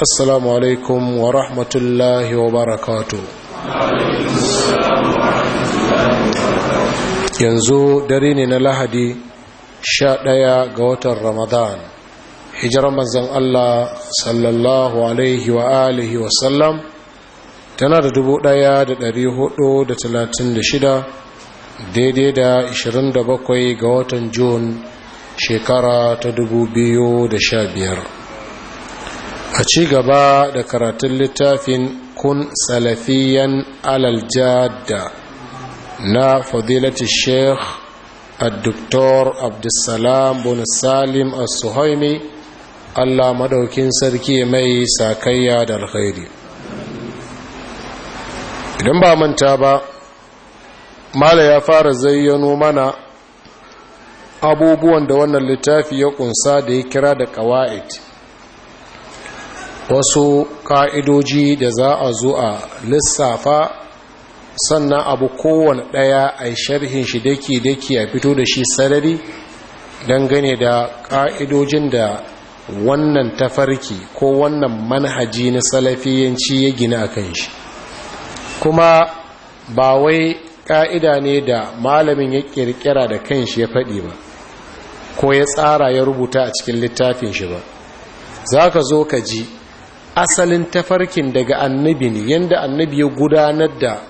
assalamu alaikum wa rahmatullahi wa barakatu yanzu dare ne na lahadi sha ɗaya ga watan ramadan hijar manzan allah sallallahu alaihi wa alihi tana da dubu ɗaya da ɗari hudu da talatin da shida daidai da ishirin da bakwai ga watan jun shekara ta dubu biyu da sha biyar a ci gaba da karatun littafin kun salafiyan alal jadda na fadilati sheikh al-doktor abdulsalam bin salim al-suhaimi allah madaukin sarki mai sakayya da alkhairi idan ba manta ba mala ya fara zayyano mana abubuwan da wannan littafi ya kunsa da ya kira da kawa'id wasu ƙa'idoji da za a zo a lissafa sannan abu kowane ɗaya a sharhin shi daki-daki a fito da shi sarari dangane da ƙa'idojin da wannan tafarki ko wannan manhaji na salafiyanci ya gina a kan shi kuma ba wai ƙa'ida ne da malamin ya ƙirƙira da kan shi ya faɗi ba ko ya tsara ya rubuta a cikin littafin shi ba za ka zo ka ji asalin tafarkin daga annabi ne yadda annabi ya gudanar da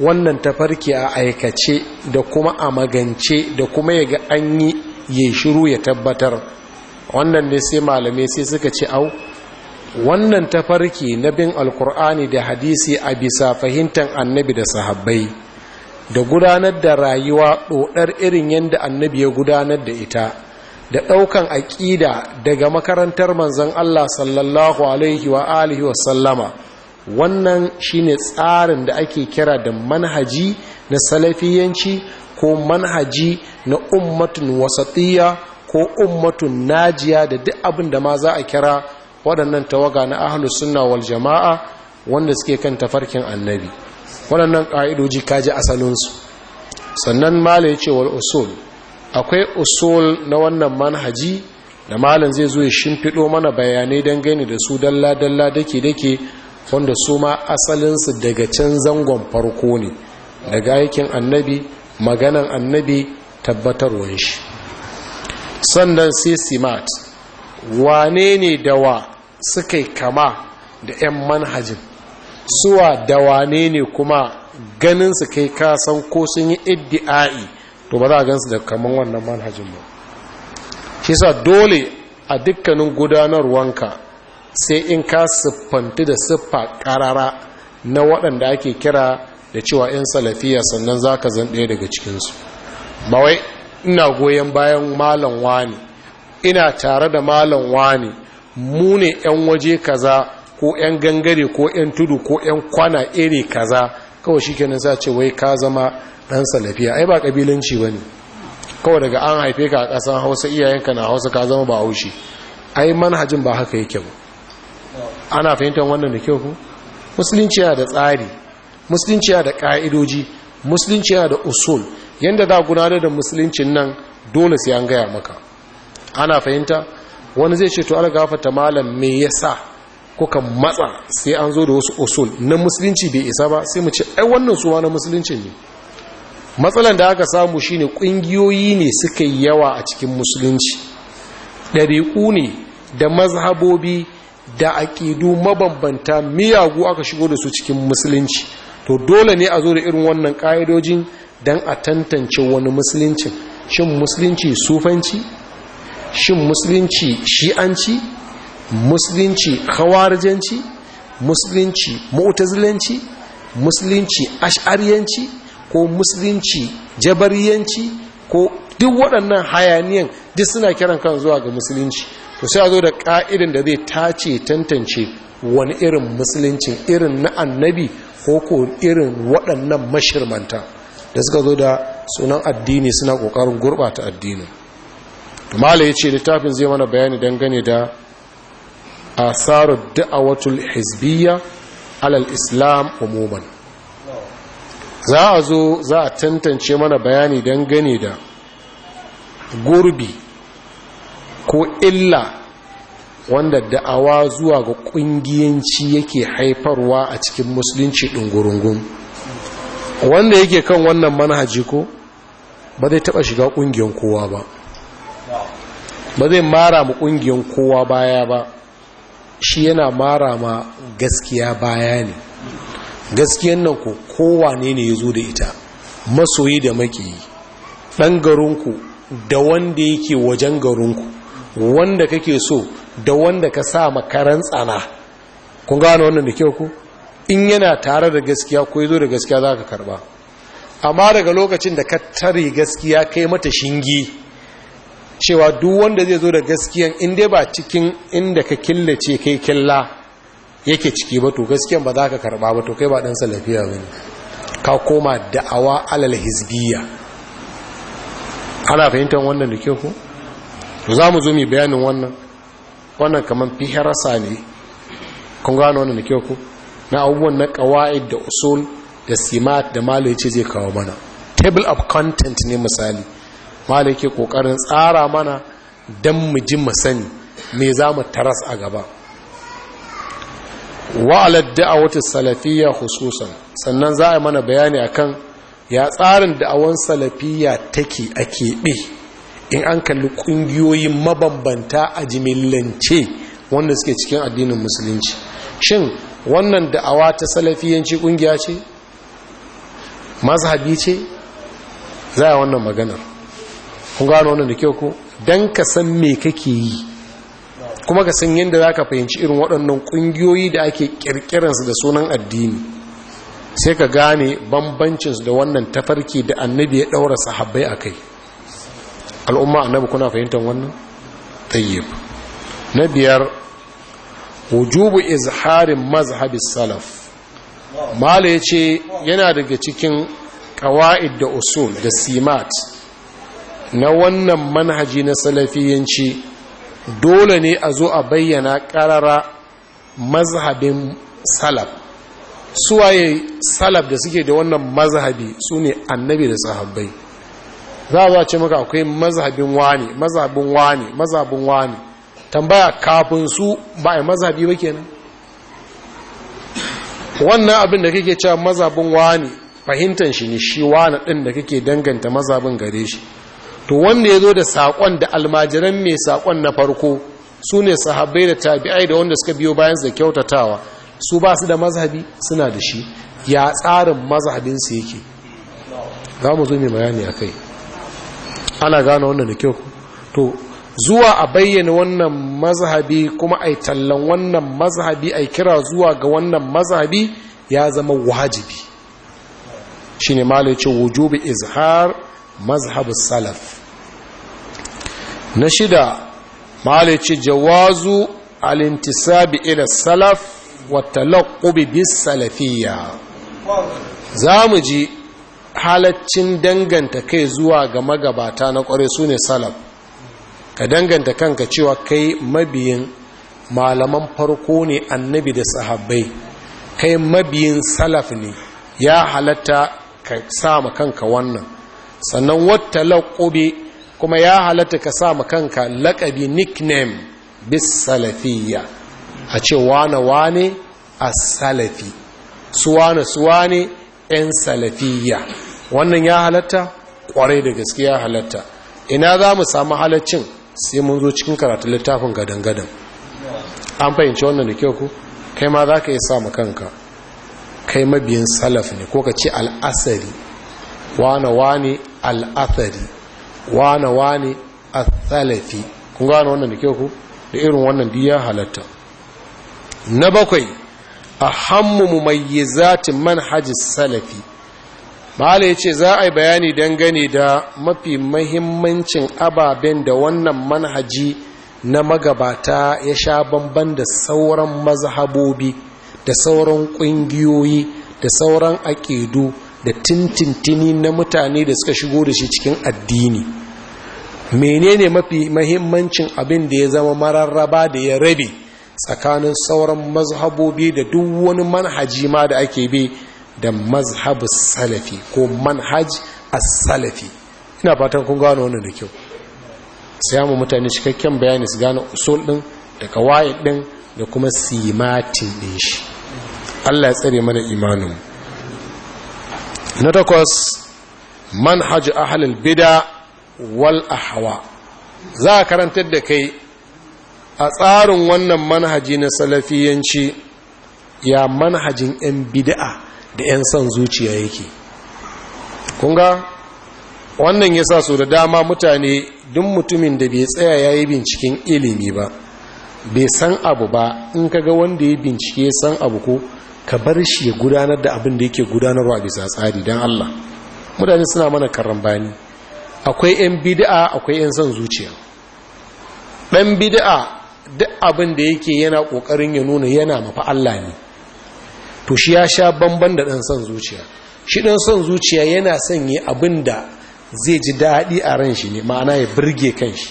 wannan tafarki a aikace da kuma a magance da kuma ya ga an yi ya shiru ya tabbatar wannan ne sai malamai sai suka ce au wannan tafarki na bin alkur'ani da hadisi a bisa fahimtar annabi da sahabbai da gudanar da rayuwa ɗoɗar irin yadda annabi ya gudanar da ita da ɗaukan aƙida daga makarantar manzan Allah sallallahu alaihi wa alihi wa sallama wannan shine tsarin da ake kira da manhaji na salafiyanci ko manhaji na ummatun wasatiyya ko ummatun najiya da duk abin da ma za a kira waɗannan tawaga na ahalus sunna wal jama'a wanda suke kan tafarkin annabi waɗannan ƙa'idoji kaji asalinsu sannan mala ya ce wal usul akwai usul na wannan manhaji da malam zai zo ya shimfiɗo mana bayanai don gani da su dalla-dalla dake-dake wanda su ma asalinsu daga can zangon farko ne daga aikin annabi maganan annabi tabbatarwar shi sannan sai simat wane ne dawa suka kama da 'yan manhajin suwa da ne kuma ganin su kai kasan ko sun yi iddi'ai to ba za a gansu da kaman wannan manhajin ba shi dole a dukkanin gudanarwanka sai in ka siffanti da siffa karara na waɗanda ake kira da cewa 'yan salafiya sannan za ka zan ɗaya daga cikinsu ba ina goyon bayan malon wani ina tare da malam wani mune 'yan waje kaza ko 'yan gangare ko 'yan tudu ko 'yan kwana iri kaza kawai shi kenan sa ce wai ka zama ɗan salafiya ai ba kabilanci ba ne kawai daga an haife ka a ƙasan hausa iyayenka na hausa ka zama ba haushi ai manhajin ba haka yake ba ana fahimtar wannan da kyau ku musulunci yana da tsari musulunci yana da ƙa'idoji musulunci yana da usul yanda za gudanar da musuluncin nan dole sai an gaya maka ana fahimta wani zai ce to ala ta malam me yasa kuka matsa sai an zo da wasu usul na musulunci bai isa ba sai mu ce ai wannan suwa na musulunci ne matsalan da aka samu shine ƙungiyoyi ne suka yi yawa a cikin musulunci ɗariƙu ne da mazhabobi da aƙidu mabambanta miyagu aka shigo da su cikin musulunci to dole ne a zo da irin wannan ƙa'idojin don a tantance wani musulunci shin musulunci sufanci shin musulunci shi'anci musulunci khawarjanci musulunci mu'tazilanci musulunci ash'ariyanci ko musulunci jabariyanci ko duk waɗannan hayaniyan duk suna kiran kan zuwa ga musulunci to sai a zo da ƙa'idan da zai tace tantance wani irin musulunci irin na annabi ko ko irin waɗannan mashirmanta da suka zo da sunan addini suna ƙoƙarin gurɓata addini mala ya ce littafin zai mana bayani dangane da asarar da'awatul hizbiya alal islam umuman za a zo za a tantance mana bayani don gane da gurbi ko illa wanda da'awa zuwa ga kungiyanci yake haifarwa a cikin musulunci ɗungurungun wanda yake kan wannan manhaji ko ba zai taɓa shiga ƙungiyan kowa ba ba zai mara ma ƙungiyan kowa baya ba shi yana mara ma gaskiya baya ne gaskiyan nan ku kowane ne ya zo da ita masoyi da makiyi ɗan garinku da wanda yake wajen garinku wanda kake so da wanda ka sa makaran tsana kun gano wannan da kyau ku in yana tare da gaskiya ko ya zo da gaskiya za ka karba amma daga lokacin da ka tare gaskiya kai mata shingi cewa duk wanda zai zo da gaskiyan in dai ba cikin inda ka killace kai killa yake ciki ba to gaskiyan ba za ka karba ba to kai ba dan salafiya ba ne ka koma da'awa alal hizbiya ana fahimtar wannan da ke ku za mu zo mai bayanin wannan wannan kamar fihirasa ne kun gano wannan da ke ku na abubuwan na kawa'id da usul da simat da malo ce zai kawo mana table of content ne misali malo ke kokarin tsara mana don mu ji mu sani me za mu taras a gaba wa'alar ala salafiya hususan sannan za a mana bayani akan ya tsarin da'awar salafiyya take a keɓe in an kalli ƙungiyoyin mabambanta a jimillance wanda suke cikin addinin musulunci shin wannan da'awa ta salafiyanci ƙungiya ce mazhabi ce za a wannan maganar kun gano wannan da kyau ko don ka san me kake yi kuma ka san yadda za ka fahimci irin waɗannan ƙungiyoyi da ake ƙirƙiransu da sunan addini sai ka gane bambancinsu da wannan tafarki da annabi ya ɗaura sahabbai a kai al'umma annabi kuna fahimtar wannan tayyib na biyar wujubu izharin mazhabis salaf mala ya ce yana daga cikin ƙawa'id da usul da simat na wannan manhaji na salafiyanci dole ne a zo a bayyana karara mazhabin salaf suwaye salaf da suke da wannan mazhabi su ne annabi da sahabbai za a ce maka akwai mazhabin wani mazhabin wani mazhabin wani tambaya kafin su ba a mazhabi ba kenan wannan abin da kake cewa mazhabin wani fahimtar shi ne shi wani ɗin da kake danganta mazhabin gare shi to wanda ya zo da saƙon da almajiran mai saƙon na farko su ne sahabbai da tabi'ai da wanda suka biyo bayan da kyautatawa su ba su da mazhabi suna da shi ya tsarin mazhabinsu yake za mu zo mai bayani a kai ana gane wannan da kyau to zuwa a bayyana wannan mazhabi kuma a tallan wannan mazhabi a kira zuwa ga wannan mazhabi ya zama wajibi shi ne ce wujubi izhar mazhabin salaf na shida malici jawazu alintisabi ila salaf wa talaqqubi bis salafiyya zamu ji halaccin danganta kai zuwa ga magabata na kware sune salaf ka danganta kanka cewa kai mabiyin malaman farko ne annabi da sahabbai kai mabiyin salaf ne ya halatta ka sama kanka wannan sannan wata laƙobe kuma ya halatta ka sa kanka laƙabi nickname bis salafiyya a ce wane wane a salafi suwane suwane 'yan salafiyya wannan ya halatta kwarai da gaske ya halatta ina za mu samu halaccin sai mun zo cikin karatu littafin gadangadan? an fahimci wannan da kyau ku kai ma za ka yi samu kanka kai mabiyin salaf ne ko ka ce al'asari wane wane al'asari? wane wane a tsalafi kun gane wannan da kyau ku da irin wannan diya halatta na bakwai a hammu zati manhajis salafi mahala ya ce za a yi bayani dangane da mafi mahimmancin ababen da wannan manhaji na magabata ya sha bamban da sauran mazhabobi da sauran ƙungiyoyi da sauran aƙidu da tintintini na mutane da suka shigo da shi cikin addini menene mafi mahimmancin abin da ya zama mararraba da ya rabe tsakanin sauran mazhabobi da duk wani manhaji ma da ake bi da mazhab salafi ko manhaj as-salafi ina fatan kun gano wannan da kyau sai mu mutane cikakken bayani su gane usul din da kawaid din da kuma simatin din shi Allah ya tsare mana imanin na takwas manhaj ahlul bida. wal ahwa za a karantar da kai a tsarin wannan manhaji na salafiyanci ya manhajin 'yan bida'a da 'yan son zuciya yake kunga wannan ya sa su da dama mutane duk mutumin da bai tsaya ya yi binciken ilimi ba bai san abu ba in kaga wanda ya bincike san abu ko ka bar shi ya gudanar da abin da yake gudanarwa bisa tsari don allah mutane suna mana karambani bani akwai 'yan bid'a akwai 'yan son zuciya ɗan bidi’a duk abin da yake yana ƙoƙarin ya nuna yana mafi Allah ne to shi ya sha bamban da ɗan son zuciya shi ɗan son zuciya yana son yi abin da zai ji daɗi a ran shi ne ma'ana ya birge kan shi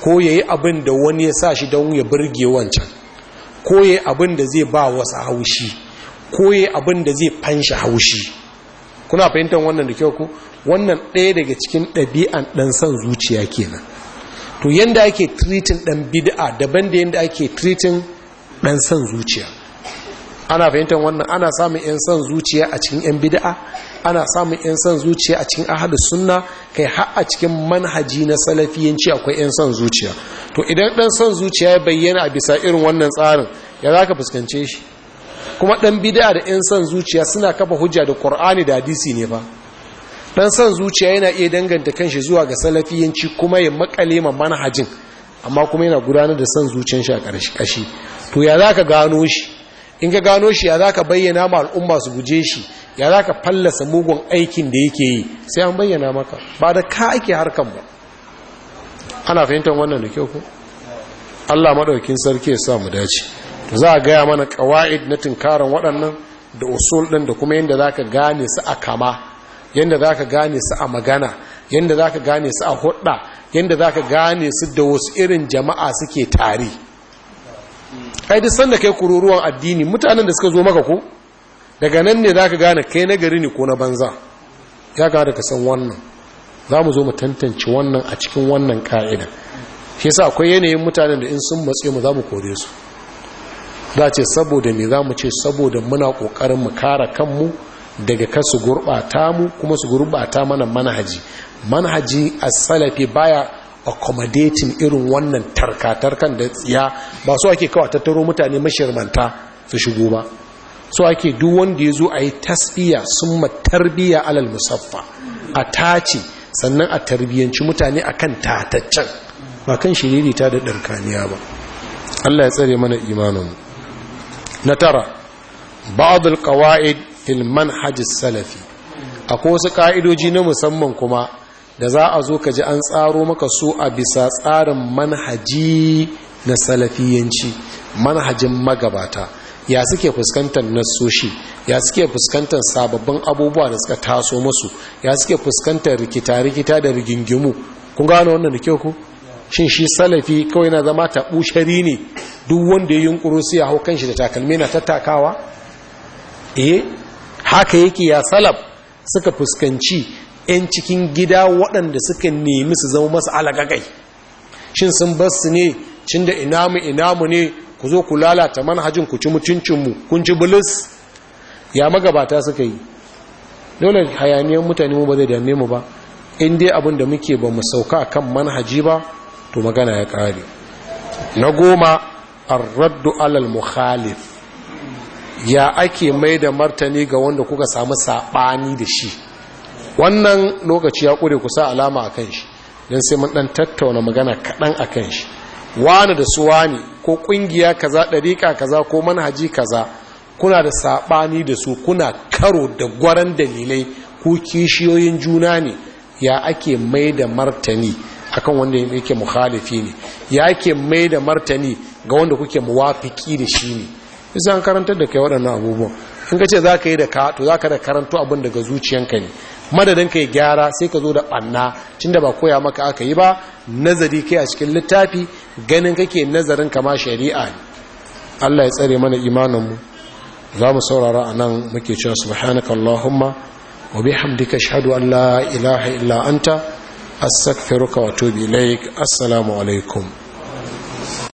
ko ya yi abin da wani ya sa shi don ya birge wancan ko ya yi abin da zai ba wasu haushi ko ya yi abin da zai fanshi haushi kuna fahimtar wannan da kyau ku wannan ɗaya daga cikin ɗabi'an ɗan son zuciya kenan to yanda ake treating ɗan bid'a daban da yanda ake treating ɗan son zuciya ana fahimtar wannan ana samun 'yan son zuciya a cikin 'yan bid'a ana samun 'yan son zuciya a cikin ahadu sunna kai har a cikin manhaji na salafiyanci akwai 'yan son zuciya to idan ɗan son zuciya ya bayyana a bisa irin wannan tsarin ya za ka fuskance shi kuma ɗan bid'a da 'yan son zuciya suna kafa hujja da ƙur'ani da hadisi ne ba dan san zuciya yana iya danganta kanshi zuwa ga salafiyanci kuma ya makale ma manhajin amma kuma yana gudanar da san zuciyar shi a kashi to ya zaka gano shi in ka gano shi ya zaka bayyana ma al'umma su guje shi ya zaka fallasa mugun aikin da yake yi sai an bayyana maka ba da ka ake harkan ba ana fahimtar wannan da kyau ko Allah madaukin sarki ya sa mu dace to za a gaya mana qawaid na tinkaran waɗannan da usul ɗin da kuma yadda zaka gane su a kama yadda za ka gane su a magana yadda za ka gane su a hudda yadda za ka gane su da wasu irin jama'a suke tare ai duk sanda kai kururuwan addini mutanen da suka zo maka ko daga nan ne za ka gane kai na gari ne ko na banza ya gada ka san wannan za mu zo mu tantance wannan a cikin wannan ka'ida shi sa akwai yanayin mutanen da in sun matse mu za mu kore su za ce saboda me za mu ce saboda muna ƙoƙarin mu kare kanmu daga kasu gurɓata mu kuma su gurɓata mana manhaji manhaji a salafi baya accommodating irin wannan tarkatarkan da tsiya ba su ake kawo tattaro mutane mashirmanta su shigo ba su ake duk wanda ya zo a yi tasbiya sun matarbiya alal musaffa a tace sannan a tarbiyyanci mutane a kan tataccen ba kan ta da ɗarkaniya ba Allah ya tsare mana imanin na tara ba'adul ƙawa'id fil manhaj salafi akwai wasu ka'idoji na musamman kuma da za a zo ka ji an tsaro maka su a bisa tsarin manhaji na salafiyanci manhajin magabata ya suke fuskantar nasoshi ya suke fuskantar sababbin abubuwa da suka taso musu ya suke fuskantar rikita-rikita da rigingimu kun gano wannan da kyau ku shin shi salafi kawai na zama taɓu shari ne duk wanda ya yunkuru su ya hau kanshi da takalmi na tattakawa eh haka yake ya salaf suka fuskanci 'yan cikin gida waɗanda suka nemi su zama masu alaƙaƙai shin sun bas su ne cin da inamu inamu ne ku zo ku lalata manhajin ku ci mutuncinmu kun ci bilis ya magabata suka yi dole hayaniyar mutane mu ba zai dame mu ba in dai abin da muke ba mu sauka kan manhaji ba to magana ya ƙare na goma arraddu alal mukhalif ya ake mai da martani ga wanda kuka samu saɓani da shi wannan lokaci ya ƙure kusa alama a kan shi don sai mun ɗan tattauna magana kaɗan a kan shi wani da su wani ko ƙungiya kaza ɗariƙa kaza ko manhaji kaza kuna da saɓani da su kuna karo da gwaran dalilai ko kishiyoyin juna ne ya ake mai da martani akan wanda yake muhalifi ne ya ake mai da martani ga wanda kuke muwafiki da shi ne Isa an karanta da kai waɗannan abubuwan in ka ce za ka yi da ka to za ka da karanto abin daga zuciyanka ne madadin ka yi gyara sai ka zo da ɓanna cin da ba koya maka aka yi ba nazari kai a cikin littafi ganin kake nazarin kama shari'a ne allah ya tsare mana imaninmu za mu saurara a nan muke cewa subhanaka allahumma wa bihamdika shahadu an la ilaha illa anta astaghfiruka wa atubu ilaik assalamu alaikum